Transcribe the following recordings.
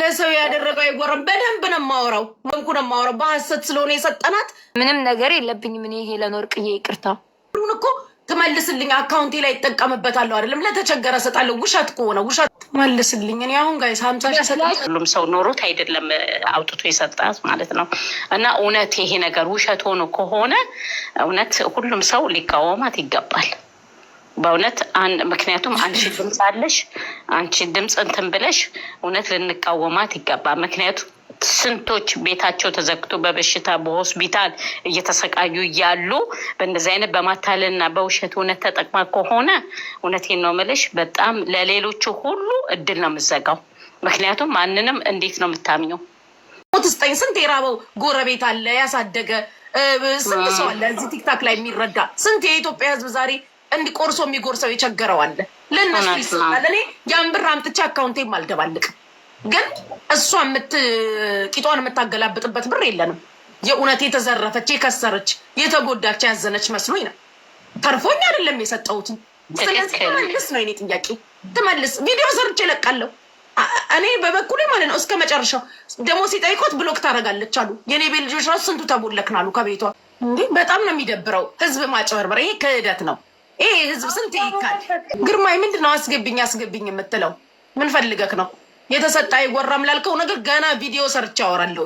ለሰው ያደረገው አይጎረም። በደንብ ነው የማወራው፣ መንኩ ነው የማወራው። በሀሰት ስለሆነ የሰጠናት ምንም ነገር የለብኝም እኔ ለኖር ቅዬ ይቅርታ ሁን እኮ ትመልስልኝ፣ አካውንቴ ላይ ይጠቀምበታለሁ። አይደለም ለተቸገረ እሰጣለሁ። ውሸት ከሆነ ውሸት መልስልኝ። እኔ አሁን ጋይስ ሀምሳ ሁሉም ሰው ኖሮት አይደለም አውጥቶ የሰጣት ማለት ነው። እና እውነት ይሄ ነገር ውሸት ሆኖ ከሆነ እውነት ሁሉም ሰው ሊቃወማት ይገባል። በእውነት ምክንያቱም አንቺ ድምፅ አለሽ፣ አንቺ ድምፅ እንትን ብለሽ እውነት ልንቃወማት ይገባ። ምክንያቱም ስንቶች ቤታቸው ተዘግቶ በበሽታ በሆስፒታል እየተሰቃዩ እያሉ በእንደዚህ አይነት በማታለልና በውሸት እውነት ተጠቅማ ከሆነ እውነቴን ነው የምልሽ፣ በጣም ለሌሎቹ ሁሉ እድል ነው የምዘጋው። ምክንያቱም ማንንም እንዴት ነው የምታምኘው? ትስጠኝ ስንት የራበው ጎረቤት አለ ያሳደገ ስንት ሰው አለ እዚህ ቲክታክ ላይ የሚረዳ ስንት የኢትዮጵያ ህዝብ ዛሬ እንዲህ ቆርሶ የሚጎርሰው የቸገረው አለ። ለእነሱ ይስላል። እኔ ያን ብር አምጥቼ አካውንቴም አልደባልቅም። ግን እሷ ቂጧን የምታገላብጥበት ብር የለንም። የእውነት የተዘረፈች የከሰረች የተጎዳች ያዘነች መስሎኝ ነው። ተርፎኝ አይደለም የሰጠሁትን። ስለዚህ ትመልስ ነው የኔ ጥያቄ፣ ትመልስ። ቪዲዮ ሰርቼ እለቃለሁ እኔ በበኩሌ ማለት ነው። እስከ መጨረሻው ደግሞ ሲጠይቆት ብሎክ ታደርጋለች አሉ። የኔ ቤት ልጆች ራሱ ስንቱ ተቦለክናሉ ከቤቷ። እንዲህ በጣም ነው የሚደብረው። ህዝብ ማጭበርበር፣ ይሄ ክህደት ነው። ይሄ ህዝብ ስንት ይካል። ግርማይ ምንድን ነው አስገብኝ አስገብኝ የምትለው? ምን ፈልገህ ነው? የተሰጠ አይጎራም ላልከው ነገር ገና ቪዲዮ ሰርቼ አወራለሁ።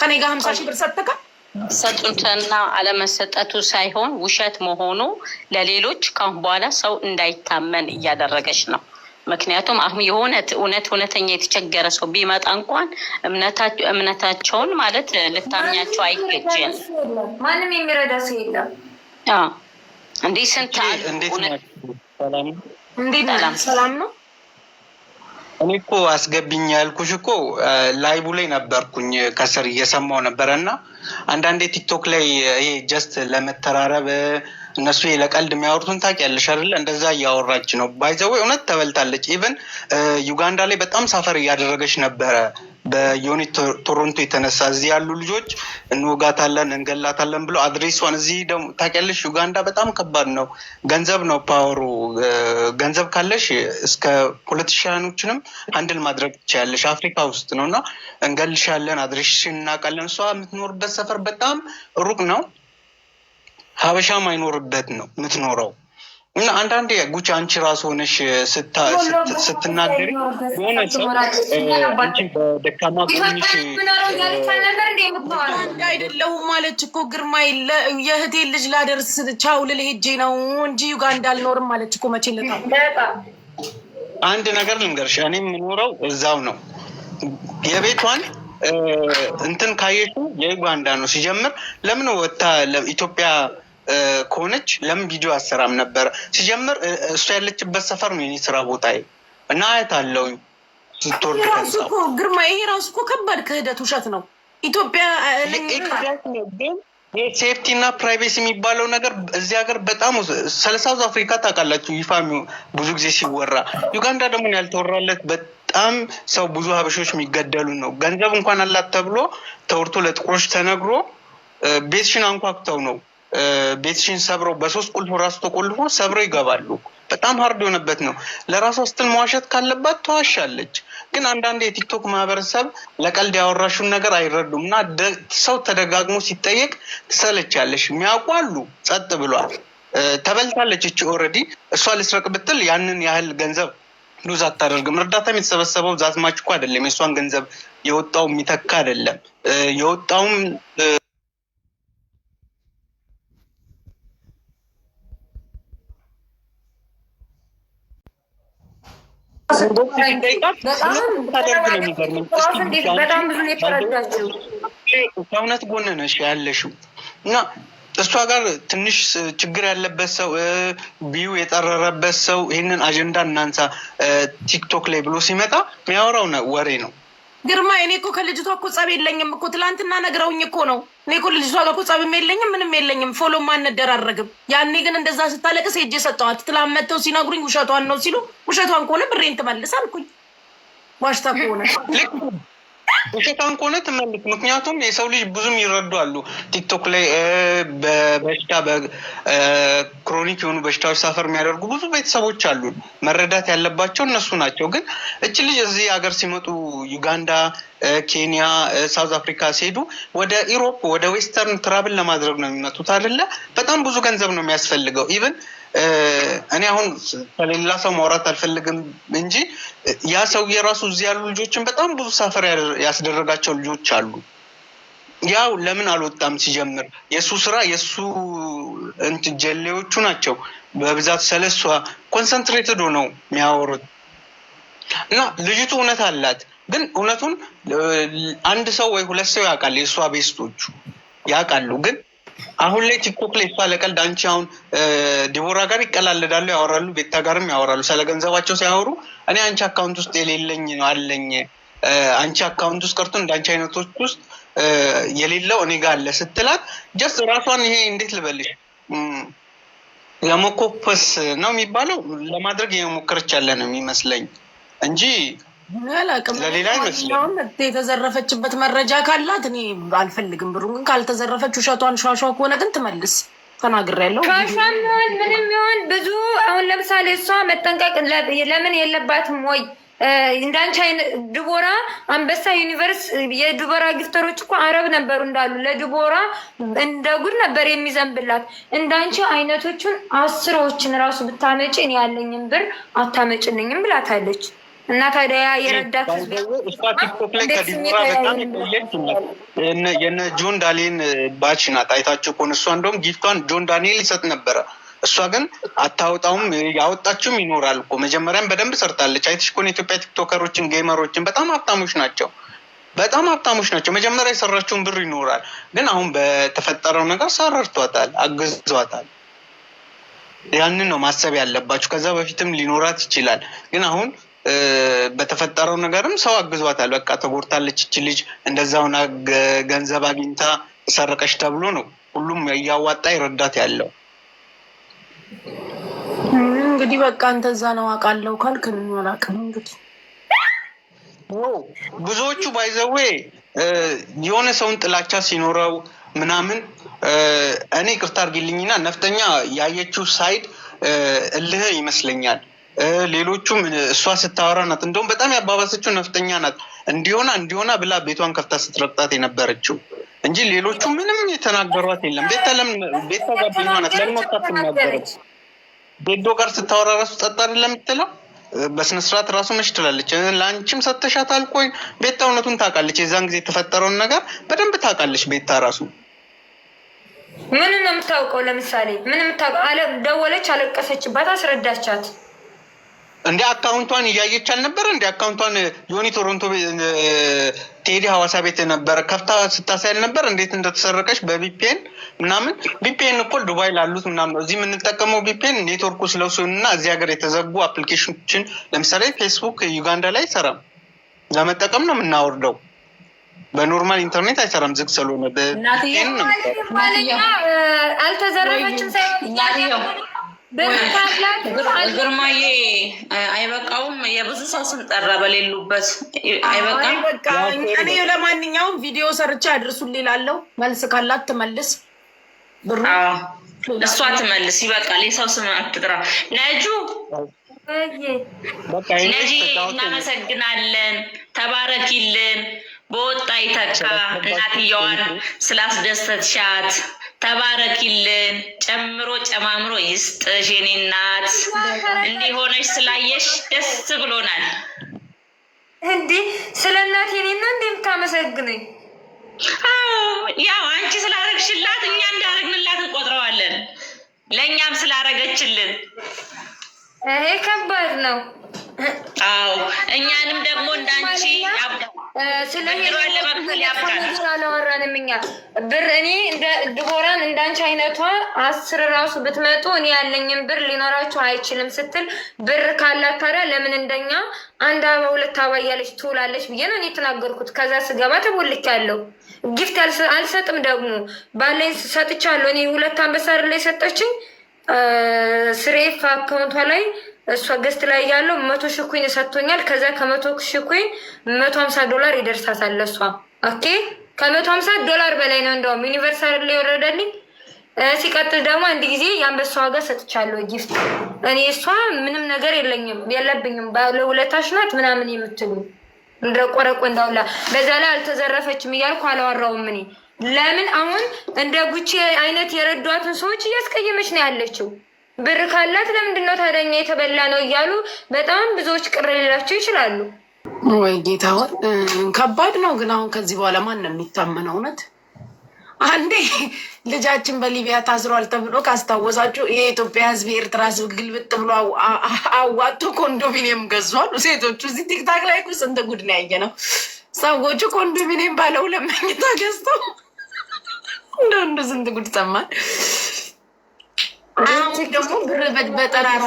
ከኔ ጋር ሀምሳ ሺህ ብር ሰጥተካል። ሰጡትና አለመሰጠቱ ሳይሆን ውሸት መሆኑ ለሌሎች ካሁን በኋላ ሰው እንዳይታመን እያደረገች ነው። ምክንያቱም አሁን የሆነ እውነት እውነተኛ የተቸገረ ሰው ቢመጣ እንኳን እምነታቸውን ማለት ልታምኛቸው አይገጅም። ማንም የሚረዳ ሰው የለም። እንዴት ስንት ሰላም ነው። እኔ እኮ አስገብኝ ያልኩሽ እኮ ላይቡ ላይ ነበርኩኝ ከስር እየሰማው ነበረ እና አንዳንዴ ቲክቶክ ላይ ይሄ ጀስት ለመተራረብ እነሱ ለቀልድ የሚያወርቱን ታውቂያለሽ አይደለ? እንደዛ እያወራች ነው ባይዘወይ እውነት ተበልታለች። ኢቨን ዩጋንዳ ላይ በጣም ሳፈር እያደረገች ነበረ በዩኒት ቶሮንቶ የተነሳ እዚህ ያሉ ልጆች እንወጋታለን እንገላታለን ብለው አድሬሷን እዚህ ደግሞ ታውቂያለሽ፣ ዩጋንዳ በጣም ከባድ ነው። ገንዘብ ነው ፓወሩ። ገንዘብ ካለሽ እስከ ፖለቲሽያኖችንም አንድን ማድረግ ትችያለሽ። አፍሪካ ውስጥ ነው እና እንገልሻለን፣ አድሬሽን እናውቃለን። እሷ የምትኖርበት ሰፈር በጣም ሩቅ ነው። ሀበሻም አይኖርበት ነው የምትኖረው እና አንዳንዴ ጉቺ አንቺ ራስ ሆነሽ ስትናገሪ ሆነ ሰው በደካማ ጎንሽ አይደለሁም ማለች እኮ ግርማ። የእህቴ ልጅ ላደርስ ቻው ልል ሄጄ ነው እንጂ ዩጋንዳ አልኖርም ማለች እኮ። መቼ ለታ አንድ ነገር ልንገርሽ፣ እኔ የምኖረው እዛው ነው። የቤቷን እንትን ካየሽ የዩጋንዳ ነው ሲጀምር። ለምን ወታ ኢትዮጵያ ከሆነች ለምን ቪዲዮ አሰራም ነበረ? ሲጀምር እሷ ያለችበት ሰፈር ነው የኔ ስራ ቦታ እና አያት አለውኝ ስትወርድ ግርማ፣ ይሄ ራሱ እኮ ከባድ ክህደት ውሸት ነው። ኢትዮጵያ ሴፍቲ እና ፕራይቬሲ የሚባለው ነገር እዚህ ሀገር በጣም ስለ አፍሪካ ታውቃላችሁ፣ ይፋ ብዙ ጊዜ ሲወራ፣ ዩጋንዳ ደግሞ ያልተወራለት በጣም ሰው ብዙ ሀበሾች የሚገደሉ ነው። ገንዘብ እንኳን አላት ተብሎ ተወርቶ ለጥቁሮች ተነግሮ ቤትሽን አንኳኩተው ነው ቤትሽን ሰብረው በሶስት ቁልፍ ራሱ ተቆልፎ ሰብረው ይገባሉ። በጣም ሀርድ የሆነበት ነው። ለራሷ ስትል መዋሸት ካለባት ተዋሻለች። ግን አንዳንድ የቲክቶክ ማህበረሰብ ለቀልድ ያወራሹን ነገር አይረዱም እና ሰው ተደጋግሞ ሲጠየቅ ትሰለቻለሽ። የሚያውቁ አሉ፣ ጸጥ ብሏል። ተበልታለች እች ኦልሬዲ። እሷ ልስረቅ ብትል ያንን ያህል ገንዘብ ሉዝ አታደርግም። እርዳታም የተሰበሰበው ዛትማች እኮ አይደለም። የእሷን ገንዘብ የወጣው የሚተካ አይደለም። የወጣውም ከእውነት ጎን ነሽ ያለሽው እና እሷ ጋር ትንሽ ችግር ያለበት ሰው ቢዩ የጠረረበት ሰው ይህንን አጀንዳ እናንሳ ቲክቶክ ላይ ብሎ ሲመጣ የሚያወራው ወሬ ነው። ግርማ እኔ እኮ ከልጅቷ እኮ ጸብ የለኝም እኮ ትላንትና ነግረውኝ እኮ ነው። እኔ እኮ ልጅቷ ጋር እኮ ጸብም የለኝም ምንም የለኝም፣ ፎሎ ማንደራረግም። ያኔ ግን እንደዛ ስታለቅስ ሄጄ ሰጠዋት። ትላንት መጥተው ሲነግሩኝ ውሸቷን ነው ሲሉ ውሸቷን ከሆነ ብሬን አልኩኝ። ዋሽታ ከሆነ ውሸታም ከሆነ ትመልስ። ምክንያቱም የሰው ልጅ ብዙም ይረዱ አሉ። ቲክቶክ ላይ በበሽታ በክሮኒክ የሆኑ በሽታዎች ሳፈር የሚያደርጉ ብዙ ቤተሰቦች አሉ። መረዳት ያለባቸው እነሱ ናቸው። ግን እች ልጅ እዚህ ሀገር ሲመጡ ዩጋንዳ፣ ኬንያ፣ ሳውዝ አፍሪካ ሲሄዱ ወደ ኢሮፕ ወደ ዌስተርን ትራብል ለማድረግ ነው የሚመጡት አይደለ? በጣም ብዙ ገንዘብ ነው የሚያስፈልገው ኢቨን እኔ አሁን ከሌላ ሰው ማውራት አልፈልግም እንጂ ያ ሰውዬ የራሱ እዚህ ያሉ ልጆችን በጣም ብዙ ሳፈር ያስደረጋቸው ልጆች አሉ። ያው ለምን አልወጣም ሲጀምር የእሱ ስራ የእሱ እንት ጀሌዎቹ ናቸው በብዛት ስለሷ ኮንሰንትሬትዶ ነው የሚያወሩት እና ልጅቱ እውነት አላት። ግን እውነቱን አንድ ሰው ወይ ሁለት ሰው ያውቃል፣ የእሷ ቤስቶቹ ያውቃሉ። ግን አሁን ላይ ቲክቶክ ላይ እሷ ለቀልድ አንቺ አሁን ዲቦራ ጋር ይቀላለዳሉ፣ ያወራሉ፣ ቤታ ጋርም ያወራሉ። ስለ ገንዘባቸው ሲያወሩ እኔ አንቺ አካውንት ውስጥ የሌለኝ ነው አለኝ አንቺ አካውንት ውስጥ ቀርቶ እንደ አይነቶች ውስጥ የሌለው እኔ ጋር አለ ስትላት ጀስት ራሷን ይሄ እንዴት ልበልሽ ለመኮፐስ ነው የሚባለው ለማድረግ የሞከረች ያለ ነው የሚመስለኝ እንጂ የተዘረፈችበት መረጃ ካላት እኔ አልፈልግም። ብሩ ግን ካልተዘረፈች ውሸቷን ሸሸ ከሆነ ግን ትመልስ። ተናግሬያለሁ። ሻሻም ሆን ምንም ይሆን ብዙ አሁን ለምሳሌ እሷ መጠንቀቅ ለምን የለባትም ወይ? እንዳንቺ አይነት ድቦራ አንበሳ ዩኒቨርስ የድቦራ ግፍተሮች እኮ አረብ ነበሩ እንዳሉ ለድቦራ እንደ ጉድ ነበር የሚዘንብላት። እንዳንቺ አይነቶቹን አስሮዎችን ራሱ ብታመጭ እኔ ያለኝን ብር አታመጭልኝም ብላታለች። እና ታዲያ የረዳት የነ ጆን ዳሌን ባች ናት። አይታችሁ ከሆነ እሷ እንደውም ጊፍቷን ጆን ዳንኤል ይሰጥ ነበረ። እሷ ግን አታወጣውም። ያወጣችውም ይኖራል እኮ መጀመሪያም በደንብ ሰርታለች። አይተሽ ከሆነ ኢትዮጵያ ቲክቶከሮችን፣ ጌመሮችን በጣም ሀብታሞች ናቸው። በጣም ሀብታሞች ናቸው። መጀመሪያ የሰራችውን ብር ይኖራል፣ ግን አሁን በተፈጠረው ነገር ሰረርቷታል፣ አግዟታል። ያንን ነው ማሰብ ያለባችሁ። ከዛ በፊትም ሊኖራት ይችላል፣ ግን አሁን በተፈጠረው ነገርም ሰው አግዟታል። በቃ ተጎድታለች እች ልጅ እንደዛውን ገንዘብ አግኝታ ሰረቀች ተብሎ ነው ሁሉም እያዋጣ ይረዳት ያለው። እንግዲህ በቃ እንተዛ ነው አውቃለሁ ካልክ እንላክም እንግዲህ ብዙዎቹ ባይዘዌ የሆነ ሰውን ጥላቻ ሲኖረው ምናምን እኔ ቅርታ አድርጊልኝና ነፍጠኛ ያየችው ሳይድ እልህ ይመስለኛል ሌሎቹም እሷ ስታወራ ናት። እንደውም በጣም ያባባሰችው ነፍጠኛ ናት እንዲሆና እንዲሆና ብላ ቤቷን ከፍታ ስትረቅጣት የነበረችው እንጂ ሌሎቹ ምንም የተናገሯት የለም። ቤታ ጓደኛ ናት። ለምን ትናገረች? ቤዶ ጋር ስታወራ ራሱ ጸጥ አይደለም የምትለው። በስነስርዓት ራሱ መች ትላለች። ለአንቺም ሰተሻት አልቆይ። ቤታ እውነቱን ታውቃለች። የዛን ጊዜ የተፈጠረውን ነገር በደንብ ታውቃለች ቤታ ራሱ ምን ነው የምታውቀው? ለምሳሌ ምን ደወለች፣ አለቀሰችባት፣ አስረዳቻት እንደ አካውንቷን እያየች አልነበረ? እንደ አካውንቷን ዮኒ ቶሮንቶ ቴዲ ሀዋሳ ቤት ነበረ ከፍታ ስታሳይ አልነበረ? እንዴት እንደተሰረቀች በቪፒኤን ምናምን። ቪፒኤን እኮ ዱባይ ላሉት ምናምን እዚህ የምንጠቀመው ቪፒኤን ኔትወርኩ ስለሱ እና እዚህ ሀገር የተዘጉ አፕሊኬሽኖችን ለምሳሌ ፌስቡክ ዩጋንዳ ላይ አይሰራም፣ ለመጠቀም ነው የምናወርደው። በኖርማል ኢንተርኔት አይሰራም፣ ዝግ ስለሆነ በቪፒኤን ሳይሆን ግርማዬ አይበቃውም። የብዙ ሰው ስም ጠራ በሌሉበት አይበቃም። እኔ ለማንኛውም ቪዲዮ ሰርቻ እላለሁ። መልስ ካላት ትመልስ፣ እሷ ትመልስ። ይበቃል። የሰው ስም አትጥራ። ነጁ ነጂ፣ እናመሰግናለን። ተባረኪልን። በወጣ ይተካ። እናትየዋን ስላስደሰትሻት ተባረኪልን፣ ጨምሮ ጨማምሮ ይስጥሽ። የኔ እናት እንዲሆነሽ ስላየሽ ደስ ብሎናል። እንዴ ስለ እናቴ እንዴ የምታመሰግነኝ? ያው አንቺ ስላረግሽላት እኛ እንዳረግንላት እንቆጥረዋለን። ለእኛም ስላረገችልን ይሄ ከባድ ነው። አዎ እኛንም ደግሞ እንዳንቺ ስለሄለመክፈል አላወራንም። እኛ ብር እኔ ድቦራን እንዳንቺ አይነቷ አስር ራሱ ብትመጡ እኔ ያለኝን ብር ሊኖራችሁ አይችልም ስትል ብር ካላት ታዲያ ለምን እንደኛ አንድ አበባ ሁለት አበባ እያለች ትውላለች ብዬ ነው እኔ የተናገርኩት። ከዛ ስገባ ተቦልቻለሁ። ጊፍት አልሰጥም ደግሞ ባለኝ ሰጥቻለሁ። እኔ ሁለት አንበሳር ላይ ሰጠችኝ ስሬፍ አካውንቷ ላይ እሷ ገስት ላይ ያለው መቶ ሺህ ኮይን ሰጥቶኛል። ከዛ ከመቶ ሺህ ኮይን መቶ ሀምሳ ዶላር ይደርሳታል ለእሷ። ኦኬ ከመቶ ሀምሳ ዶላር በላይ ነው እንደውም ዩኒቨርሳል ላይ ወረደልኝ። ሲቀጥል ደግሞ አንድ ጊዜ የአንበሳ ዋጋ ሰጥቻለሁ ጊፍት። እኔ እሷ ምንም ነገር የለኝም የለብኝም ባለውለታሽ ናት ምናምን የምትሉ እንደቆረቆ እንዳውላ በዛ ላይ አልተዘረፈችም እያልኩ አላወራውም እኔ ለምን አሁን እንደ ጉቼ አይነት የረዷትን ሰዎች እያስቀየመች ነው ያለችው። ብር ካላት ለምንድን ነው ታዲያ የተበላ ነው እያሉ በጣም ብዙዎች ቅር ሌላቸው ይችላሉ። ወይ ጌታሁን ከባድ ነው። ግን አሁን ከዚህ በኋላ ማን ነው የሚታመነው? እውነት አንዴ ልጃችን በሊቢያ ታስሯል ተብሎ ካስታወሳችሁ የኢትዮጵያ ሕዝብ የኤርትራ ሕዝብ ግልብጥ ብሎ አዋጡ ኮንዶሚኒየም ገዟል። ሴቶቹ እዚህ ቲክታክ ላይ ስንት ጉድ ነው ያየ ነው። ሰዎቹ ኮንዶሚኒየም ባለ ለመኝታ ገዝተው እንደ ወንዱ ስንት ጉድ ሰማል። አሁን ደግሞ ብር በጠራራ